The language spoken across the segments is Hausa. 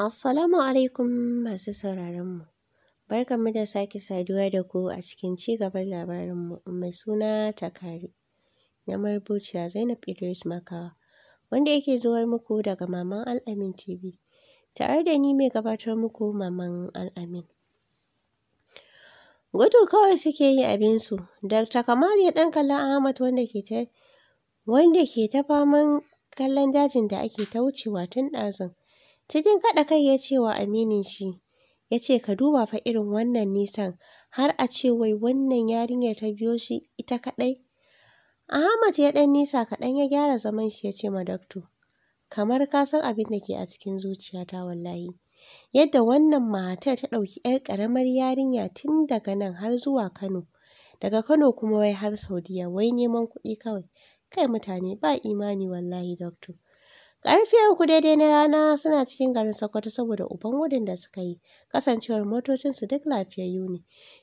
Assalamu alaikum masu sauraronmu. Barkanmu da sake saduwa da ku a cikin ci gaban labarinmu mai suna Takari na marubuciya Zainab Idris Makawa wanda yake zuwar muku daga Maman Al'amin TV tare da ni mai gabatar muku Maman Al'amin. Gudu kawai suke yi abinsu, Dr. Kamal ya ɗan kalla Ahmad wanda ke ta wanda ke ta faman kallon dajin da ake ta wucewa tun ɗazun. Cikin kaɗa kai ya ce wa aminin shi, ya ce ka duba fa irin wannan nisan, har a ce wai wannan yarinyar ta biyo shi ita kaɗai. Ahmad ya ɗan nisa kaɗan ya gyara zaman shi ya ce ma dakto, kamar ka san abin da ke a cikin zuciyata wallahi. Yadda wannan matar ta ɗauki 'yar ƙaramar yarinya tun daga nan har zuwa Kano, daga Kano kuma wai har Saudiya wai neman kuɗi kawai. Kai mutane ba imani wallahi dakto. Ƙarfe uku daidai na rana suna cikin garin Sokoto saboda uban gudun da suka yi, kasancewar motocinsu duk lafiyayyu ne.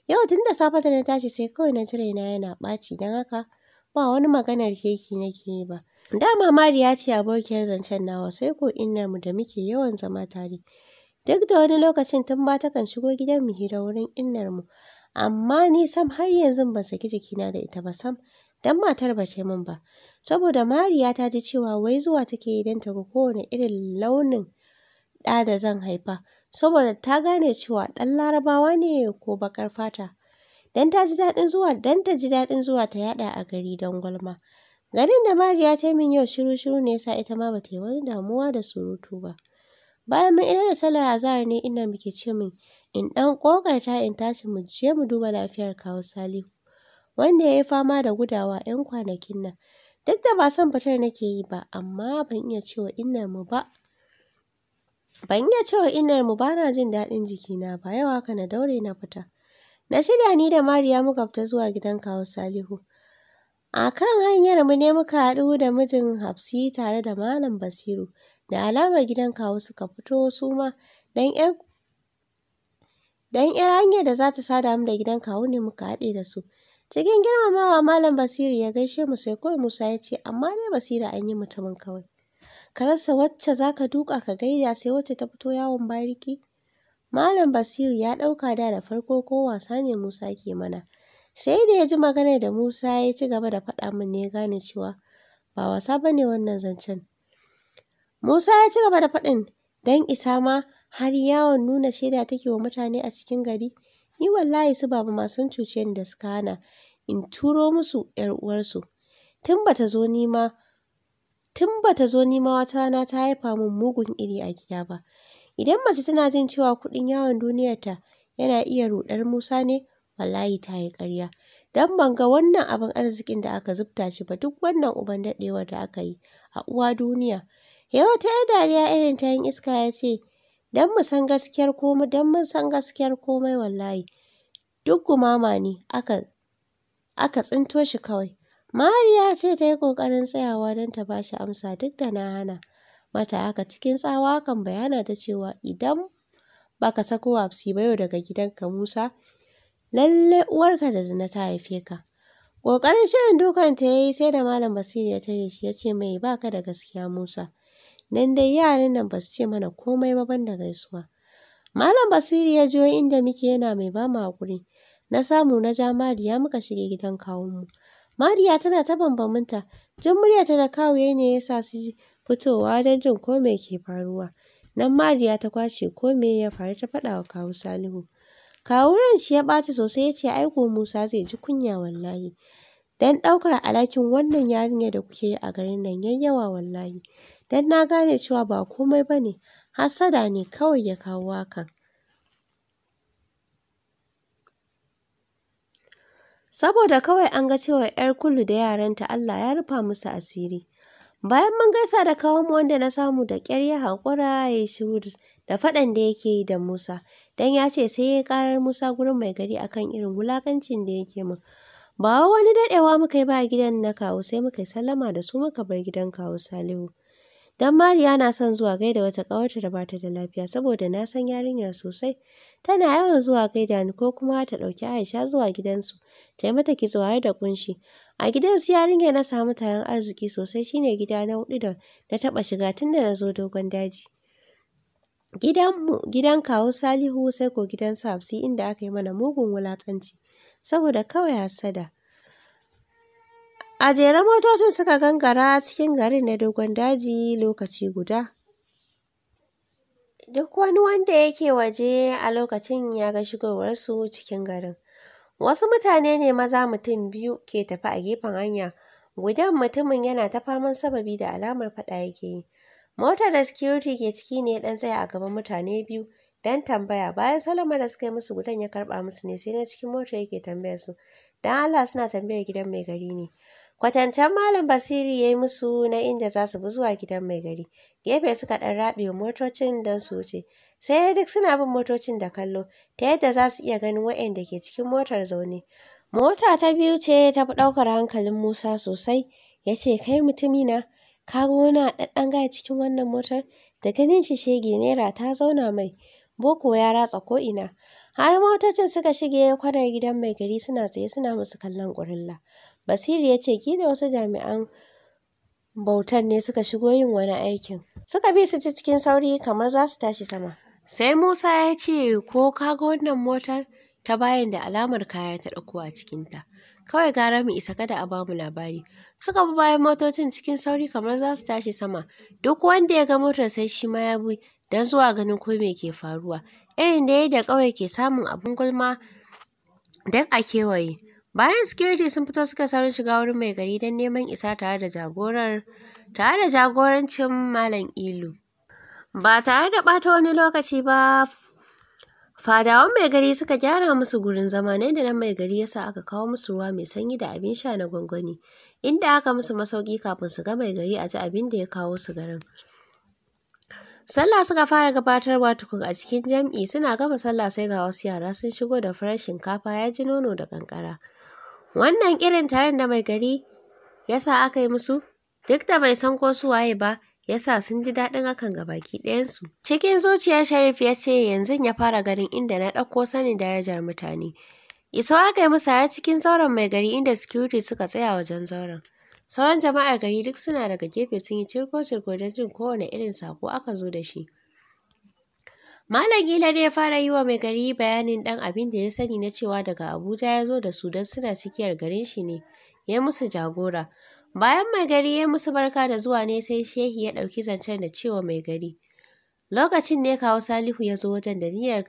Yau tun da safe da na tashi sai kawai na ji raina yana ɓaci don haka ba wani maganar keki nake yi ba. Dama ya ce abokiyar zancen nawa sai ko innarmu da muke yawan zama tare. Duk da wani lokacin tun ba ta kan shigo gidan mu hira wurin innarmu. Amma ni sam har yanzu ban saki jikina da ita ba sam, don matar ba ta min ba. saboda Mariya ta ji cewa wai zuwa take yi don ta kowane irin launin ɗa da zan haifa, saboda ta gane cewa ɗan Larabawa ne ko baƙar fata. Don ta ji daɗin zuwa, don ta ji daɗin zuwa ta yaɗa a gari don gwalma. Garin da Mariya ta min yau shiru-shiru ne yasa ita ma ba ta yi wani damuwa da surutu ba. Bayan mun idar da sallar azahar ne ina muke ce min in ɗan ƙoƙarta in tashi mu je mu duba lafiyar kawu Salihu, wanda ya yi fama da gudawa 'yan kwanakin nan. Duk da ba son fitar nake yi ba, amma ban iya cewa innar mu ba. Ban iya cewa innar mu ba na jin daɗin jikina ba, yawa haka na daure na fita. Na shirya ni da Mariya muka fita zuwa gidan kawu Salihu. A kan hanyar mu ne muka haɗu da mijin Hafsi tare da Malam Basiru. Da alamar gidan kawu suka fito su ma dan 'yar dan hanyar da za ta sada mu da gidan kawu ne muka haɗe da su. Cikin girmamawa Malam Basiru ya gaishe mu sai kawai Musa ya ce amma dai basira an yi mutumin kawai. Ka rasa wacce za ka duka ka gaida sai wacce ta fito yawon bariki. Malam Basiru ya ɗauka da da farko ko wasa ne Musa ke mana. Sai da ya ji maganar da Musa ya ci gaba da faɗa min ne ya gane cewa ba wasa ba ne wannan zancen. Musa ya ci gaba da faɗin don isa ma har yawon nuna shaida take wa mutane a cikin gari. Ni wallahi su baba ma sun cuce ni da suka hana in turo musu 'yar uwarsu. Tun ba zo ni ma, wata rana ta haifa mun mugun iri a gida ba. Idan mace tana jin cewa kuɗin yawon duniyarta yana iya ruɗar Musa ne, wallahi ta yi ƙarya. Dan ban ga wannan abin arzikin da aka zubta shi ba duk wannan uban daɗewar da aka yi a uwa duniya. Yau ta 'yar dariya irin ta yin iska ya ce, dan mu san gaskiyar komai dan mun san gaskiyar komai wallahi duk gumama ne aka aka tsinto shi kawai mariya ce ta yi ƙoƙarin tsayawa don ta bashi amsa duk da na hana mata haka cikin tsawa kan bayana ta cewa idan baka sako wapsi ba yau daga gidanka musa lalle uwarka da zina ta haife ka ƙoƙarin shirin dukan ta yayi sai da malam basiru ya tare shi ya ce mai baka da gaskiya musa Nan dai yaran nan ba su ce mana komai ba ban da gaisuwa. Malam Basiru ya jiyo inda muke yana mai ba mu haƙuri. Na samu na ja Mariya muka shige gidan kawun mu. Mariya tana ta bambaminta. Jin muryarta da kawuye ne ya sa su fitowa don jin ko me ke faruwa. Nan Mariya ta kwashe ko me ya faru ta faɗa wa kawu Salihu. Kawu ran shi ya ɓaci sosai ya ce aiko Musa zai ji kunya wallahi. Dan ɗaukar alhakin wannan yarinyar da kuke yi a garin nan yayi yawa wallahi. dan na gane cewa ba komai bane ne, ne kawai ya kawo hakan. Saboda kawai an ga cewa 'yar kullu da yaran ta Allah ya rufa musu asiri. Bayan mun gaisa da kawunmu wanda na samu da ƙyar ya haƙura ya yi da faɗan da yake yi da Musa, Dan ya ce sai ya ƙarar Musa gurin mai gari akan irin wulaƙancin da yake min. Ba wani daɗewa muka yi ba gidan na kawu sai muka yi sallama da su muka bar gidan kawu Salihu. Dan Mariya na son zuwa gaida wata ƙawarta da bata da lafiya saboda na san yarinyar sosai. Tana yawan zuwa gaida ni ko kuma ta ɗauki Aisha zuwa gidansu ta yi mata kitso har da kunshi. A gidansu yarinyar na samu taron arziki sosai shine gida na huɗu da na taɓa shiga tun da na zo dogon daji. Gidanmu gidan kawu Salihu sai ko gidan su inda aka yi mana mugun wulaƙanci saboda kawai hassada. A jere motocin suka gangara cikin garin na dogon daji lokaci guda. Duk wani wanda yake waje a lokacin ya ga shigowarsu cikin garin. Wasu mutane ne maza mutum biyu ke tafi a gefen hanya, gudan mutumin yana ta faman sababi da alamar faɗa yake yi. Motar da security ke ciki ne dan tsaya a gaban mutane biyu dan tambaya bayan salama da suka yi musu gudan ya karba musu ne sai na cikin motar yake tambayar su. Dan Allah suna tambayar gidan mai gari ne. kwatancen malam basiri ya yi musu na inda za su bi zuwa gidan mai gari gefe suka ɗan rabe motocin don su wuce sai duk suna bin motocin da kallo ta yadda za su iya ganin waɗanda ke cikin motar zaune mota ta biyu ce ta fi ɗaukar hankalin musa sosai ya ce kai mutumina ka ga wani ga gaya cikin wannan motar da ganin shi shege naira ta zauna mai boko ya ratsa ko ina. har motocin suka shige kwanar gidan mai gari suna tsaye suna musu kallon ƙurilla Basiru ya ce kila wasu jami'an bautan ne suka shigo yin wani aikin. Suka bi su cikin sauri kamar za su tashi sama. Sai Musa ya ce ko ka ga wannan motar ta bayan da alamar kaya ta ɗauko a cikinta. Kawai gara mu isa kada a bamu labari. Suka bi bayan motocin cikin sauri kamar za su tashi sama. Duk wanda ya ga motar sai shi ma ya bi don zuwa ganin ko me ke faruwa. Irin da yadda ƙauye ke samun abin gulma don a kewaye. Bayan security sun fito suka saurin shiga wurin mai gari don neman isa tare da jagorar tare da jagorancin Malam Ilu. Ba tare da ɓata wani lokaci ba fadawan mai gari suka gyara musu gurin zama na da nan mai gari ya sa aka kawo musu ruwa mai sanyi da abin sha na gwangwani inda aka musu masauki kafin su ga mai gari a ji abin da ya kawo su garin. Sallah suka fara gabatarwa tukun a cikin jam'i suna gama sallah sai ga wasu yara sun shigo da farar shinkafa ya ji nono da kankara. wannan irin taron da mai gari ya sa aka yi musu duk da bai san ko su waye ba ya sa sun ji daɗin hakan ga baki ɗayansu cikin zuciyar sharif ya ce yanzu ya fara ganin inda na ɗauko sanin darajar mutane iso aka yi musu cikin zauren mai gari inda security suka tsaya wajen zauren sauran jama'ar gari duk suna daga gefe sun yi cirko-cirko don jin kowane irin sako aka zo da shi Malam Ila ne ya fara yi wa mai gari bayanin ɗan abin da ya sani na cewa daga Abuja ya zo da su don suna cikiyar garin shi ne, ya musu jagora. Bayan mai gari ya musu barka da zuwa ne sai shehi ya ɗauki zancen da cewa mai gari. Lokacin ne kawo Salihu ya zo wajen da niyyar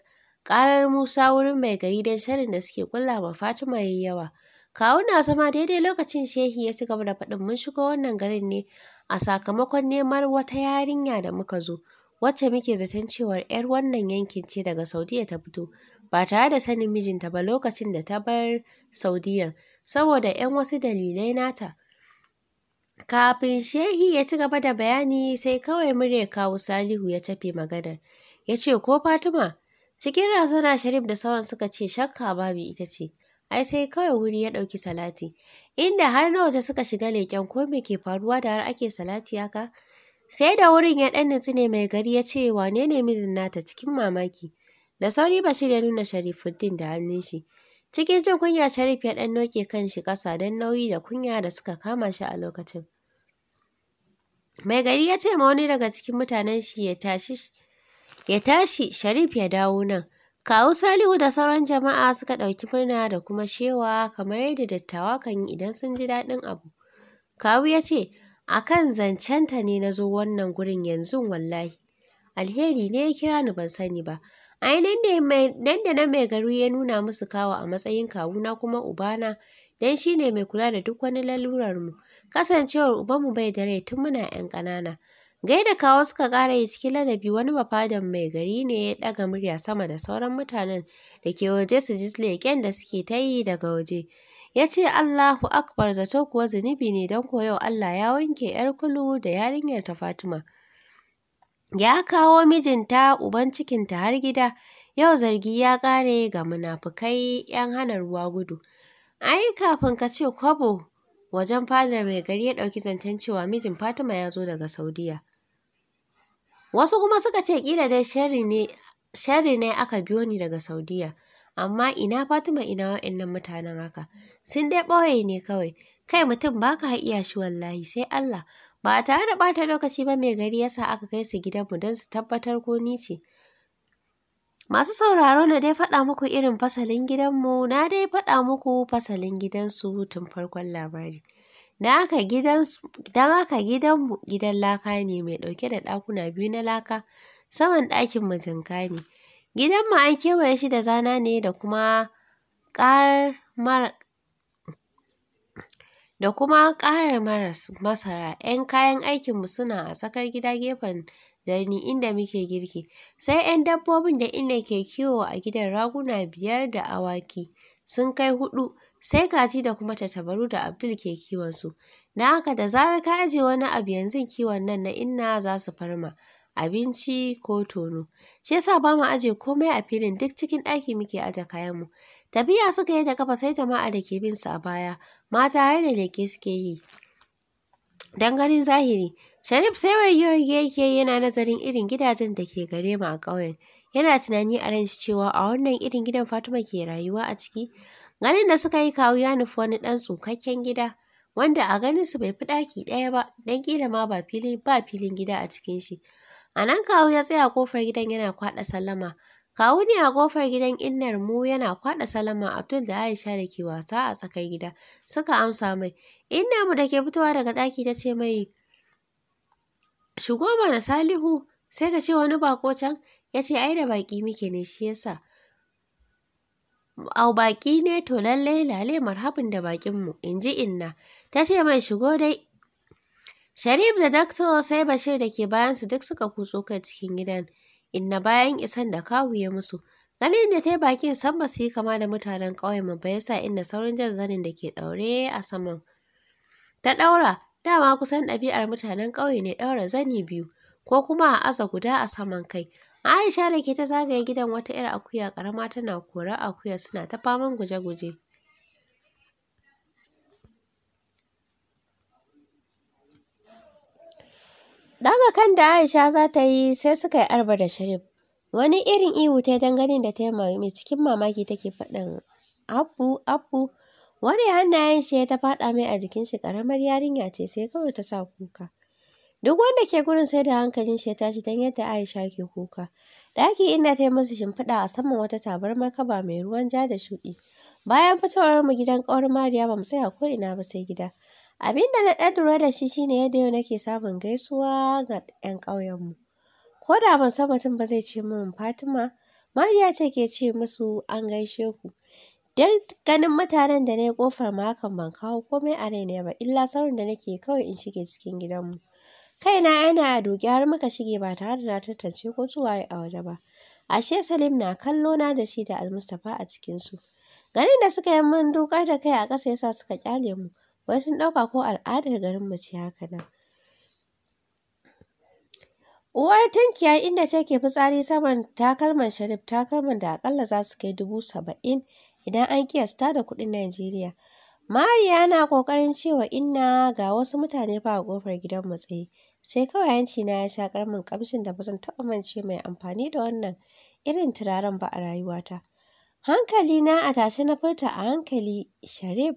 ƙarar Musa wurin mai gari don sharin da suke kulla ma Fatima yayi yawa. Kawu na zama daidai lokacin shehi ya ci gaba da faɗin mun shigo wannan garin ne a sakamakon neman wata yarinya da muka zo. wacce muke zaton cewar 'yar wannan yankin ce daga Saudiya ta fito, ba tare da sanin mijinta ba lokacin da ta bar Saudiyya. saboda 'yan wasu dalilai nata. Kafin Shehi ya ci gaba da bayani sai kawai murya kawo Salihu ya tafe magana. Ya ce, Ko Fatima, cikin razana Sharif da sauran suka ce shakka babu ita ce, ai sai kawai wuri ya ɗauki salati, inda har na waje suka shiga leƙen ko me ke faruwa da har ake salati haka? Sai da wurin ya ɗan nutsu ne mai gari ya ce wane ne mijin nata cikin mamaki. Da sauri Bashir ya nuna Sharifuddin da hannun shi. Cikin jin kunya Sharif ya dan noke shi kasa don nauyi da kunya da suka kama shi a lokacin. Mai gari ya ce ma wani daga cikin mutanen shi ya tashi ya tashi Sharif ya dawo nan. Kawu Salihu da sauran jama'a suka ɗauki murna da kuma shewa kamar yadda dattawa kan yi idan sun ji daɗin abu. Kawu ya ce, Akan kan zancenta ne na zo wannan gurin yanzu, wallahi. Alheri ne ya kira ni ban sani ba. Ai nan da nan mai gari ya nuna musu kawo a matsayin kawuna kuma ubana Dan shi ne mai kula da duk wani lalurar mu. Kasancewar ubanmu bai da rai tun muna ‘yan ƙanana. Gaida kawo suka ƙara yi cikin ladabi wani bafadan mai gari ne ya ɗaga murya sama da sauran mutanen da ke waje su ji leken da suke ta yi daga waje. ya ce Allahu Akbar zato kuwa zunubi ne don koyo Allah ya wanke ‘yar kulu da yarinyar ta Fatima. Ya kawo mijinta uban cikinta har gida, yau zargi ya kare ga munafukai ‘yan hana ruwa gudu. Ai, kafin ka ce kwabo wajen fadar mai gari ya ɗauki zancen cewa mijin Fatima ya zo daga Saudiya. Wasu kuma suka ce ƙila dai sharri ne aka biyo ni daga Saudiya. amma ina Fatima ina wa'annan mutanen haka sun dai ɓoye ne kawai kai mutum ba ka iya shi wallahi sai Allah ba tare da ɓata lokaci ba mai gari yasa aka kai su gidanmu don su tabbatar ko ni ce Masu sauraro na dai faɗa muku irin fasalin gidanmu, na dai faɗa muku fasalin gidansu tun farkon labari. Na gidan gidanmu gidan laka ne mai ɗauke da ɗakuna biyu na laka, saman ɗakin majanka ne. Gidanmu an kewaye shi da zana ne da kuma mar da kuma ƙarar maras masara. 'Yan kayan aikinmu suna a tsakar gida gefen darni inda muke girki, sai 'yan dabbobin da Inna ke kiwo a gidan raguna biyar da awaki sun kai huɗu, sai kaji da kuma tattabaru da Abdul ke kiwon su. Na haka da zarar ka ajiye wani abu yanzu kiwon nan na Inna za su farma. abinci ko tono. Shi yasa ba mu aje komai a filin duk cikin ɗaki muke aje mu. Tafiya suka yi da kafa sai jama'a da ke bin su a baya, mata har da leke suke yi. Dan ganin zahiri, Sharif sai wayyoyi yake yana nazarin irin gidajen da ke gare mu a ƙauyen. Yana tunani a ran shi cewa a wannan irin gidan Fatima ke rayuwa a ciki. Ganin da suka yi kawo ya nufi wani ɗan tsukakken gida. wanda a ganin su bai fi ɗaki ɗaya ba dan kila ma ba ba filin gida a cikin shi A nan kawu ya tsaya a kofar gidan yana kwaɗa sallama. Kawu ne a kofar gidan innar mu yana kwaɗa sallama Abdul da Aisha da ke wasa a tsakar gida suka amsa mai. Inna mu da ke fitowa daga ɗaki ta ce mai shigo mana Salihu sai ka ce wani bako can ya ce ai da baƙi muke ne shi yasa. Au baƙi ne to lallai lale marhabin da baƙinmu. in ji inna. Ta ce mai shigo dai Sharif da Dakto sai Bashir da ke bayan su duk suka kutso kai cikin gidan, inna bayan isan da kawu ya musu. Ganin da ta yi bakin san ba su yi kama da mutanen ƙauyen mu ba yasa inna saurin jan zanin da ke ɗaure a saman. Ta ɗaura, dama kusan ɗabi'ar mutanen ƙauye ne ɗaura zani biyu, ko kuma a aza guda a saman kai. Aisha da ke ta zagaye gidan wata 'yar akuya ƙarama tana korar akuya suna ta faman guje-guje. Daga kan da Aisha za ta yi sai suka yi arba da Sharif. Wani irin ihu ta dangane da ta yi mai cikin mamaki take faɗin Abu, Abu. Wani hannayen shi ta faɗa mai a jikin shi ƙaramar yarinya ce sai kawai ta sa kuka. Duk wanda ke gurin sai da hankalin shi ya tashi don yadda Aisha ke kuka. Daki inda ta yi musu shimfiɗa a saman wata tabarmar kaba mai ruwan ja da shuɗi. Bayan fitowar mu gidan ƙawar Mariya ba mu tsaya ko ina ba sai gida. Abin da na ɗan lura da shi shine yadda yau nake samun gaisuwa ga 'yan ƙauyenmu. Ko da ban san mutum ba zai ce min Fatima, Mariya ce ke ce musu an gaishe ku. Dan ganin mutanen da na yi kofar ma hakan ban kawo komai a raina ba, illa saurin da nake kawai in shige cikin gidanmu. na yana duƙi har muka shige ba tare da na tantance ko zuwa a waje ba. Ashe Salim na kallo na da shi da Almustapha a cikinsu. Ganin da suka yi min dukar da kai a ƙasa yasa suka kyale mu. wai sun ɗauka ko al'adar garin ce haka nan uwar tunkiya inda take fitsari saman takalman sharif takalman da akalla za su kai dubu saba'in idan an kiyasta da kuɗin najeriya mariya na ƙoƙarin cewa inna ga wasu mutane fa a ƙofar gidan matsayi, sai kawai yanci na ya sha karmin ƙamshin da bazan taɓa mance mai amfani da wannan irin turaren ba a rayuwata hankali na a tashe na furta a hankali sharif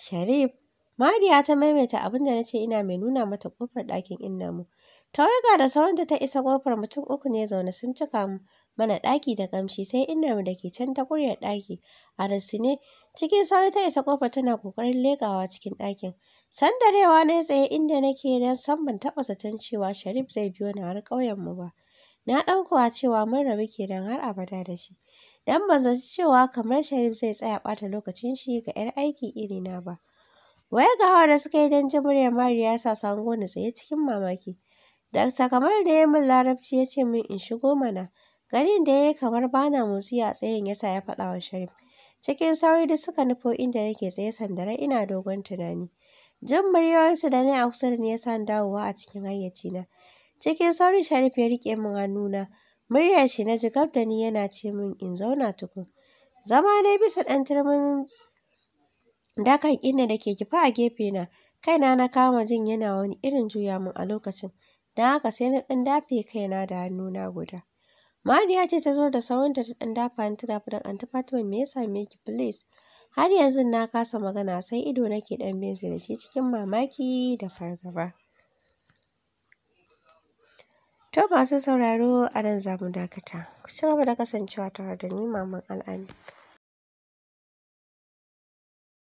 Sharif, Mariya ta maimaita abin da na ce ina mai nuna mata kofar ɗakin inna mu. Ta da sauran ta isa kofar mutum uku ne zaune sun cika mana ɗaki da kamshi sai inna mu da ke can ta kuryar ɗaki a rassine cikin sauri ta isa kofar tana ƙoƙarin leƙawa cikin ɗakin. Sandarewa na tsaye inda nake don san ban taɓa zaton cewa Sharif zai biyo ni har ƙauyen mu ba. Na ɗauka cewa mun rabu kenan har abada da shi. don ban zaci cewa kamar Sharif zai tsaya ɓata lokacin shi ga 'yar aiki iri na ba. Wai ga hawa da suka yi don jin muryar Mariya ya sa sango na tsaye cikin mamaki. Dakta Kamal da ya min larabci ya ce min in shigo mana. Ganin da ya yi kamar bana motsi a tsayin yasa ya faɗa wa Sharif. Cikin sauri da suka nufo inda nake tsaye sandara ina dogon tunani. Jin muryoyinsu da ni a kusa da ni ya sa dawowa a cikin hayyacina. Cikin sauri Sharif ya riƙe min hannuna Muryar shi na ji gab da ni yana ce min in zauna tukun. Zama na bisa ɗan turmin dakan inda da ke kifa a gefe na. Kaina na kama jin yana wani irin juya min a lokacin. Don haka sai na ɗan dafe kaina da hannuna guda. Mariya ce ta zo da saurinta ta ɗan dafa ni tana faɗin Aunty Fatima me ya same ki please? Har yanzu na kasa magana sai ido nake ɗan bezi da shi cikin mamaki da fargaba. To masu sauraro a nan za dakata. Ku ci gaba da kasancewa tare da ni Maman Al'ami.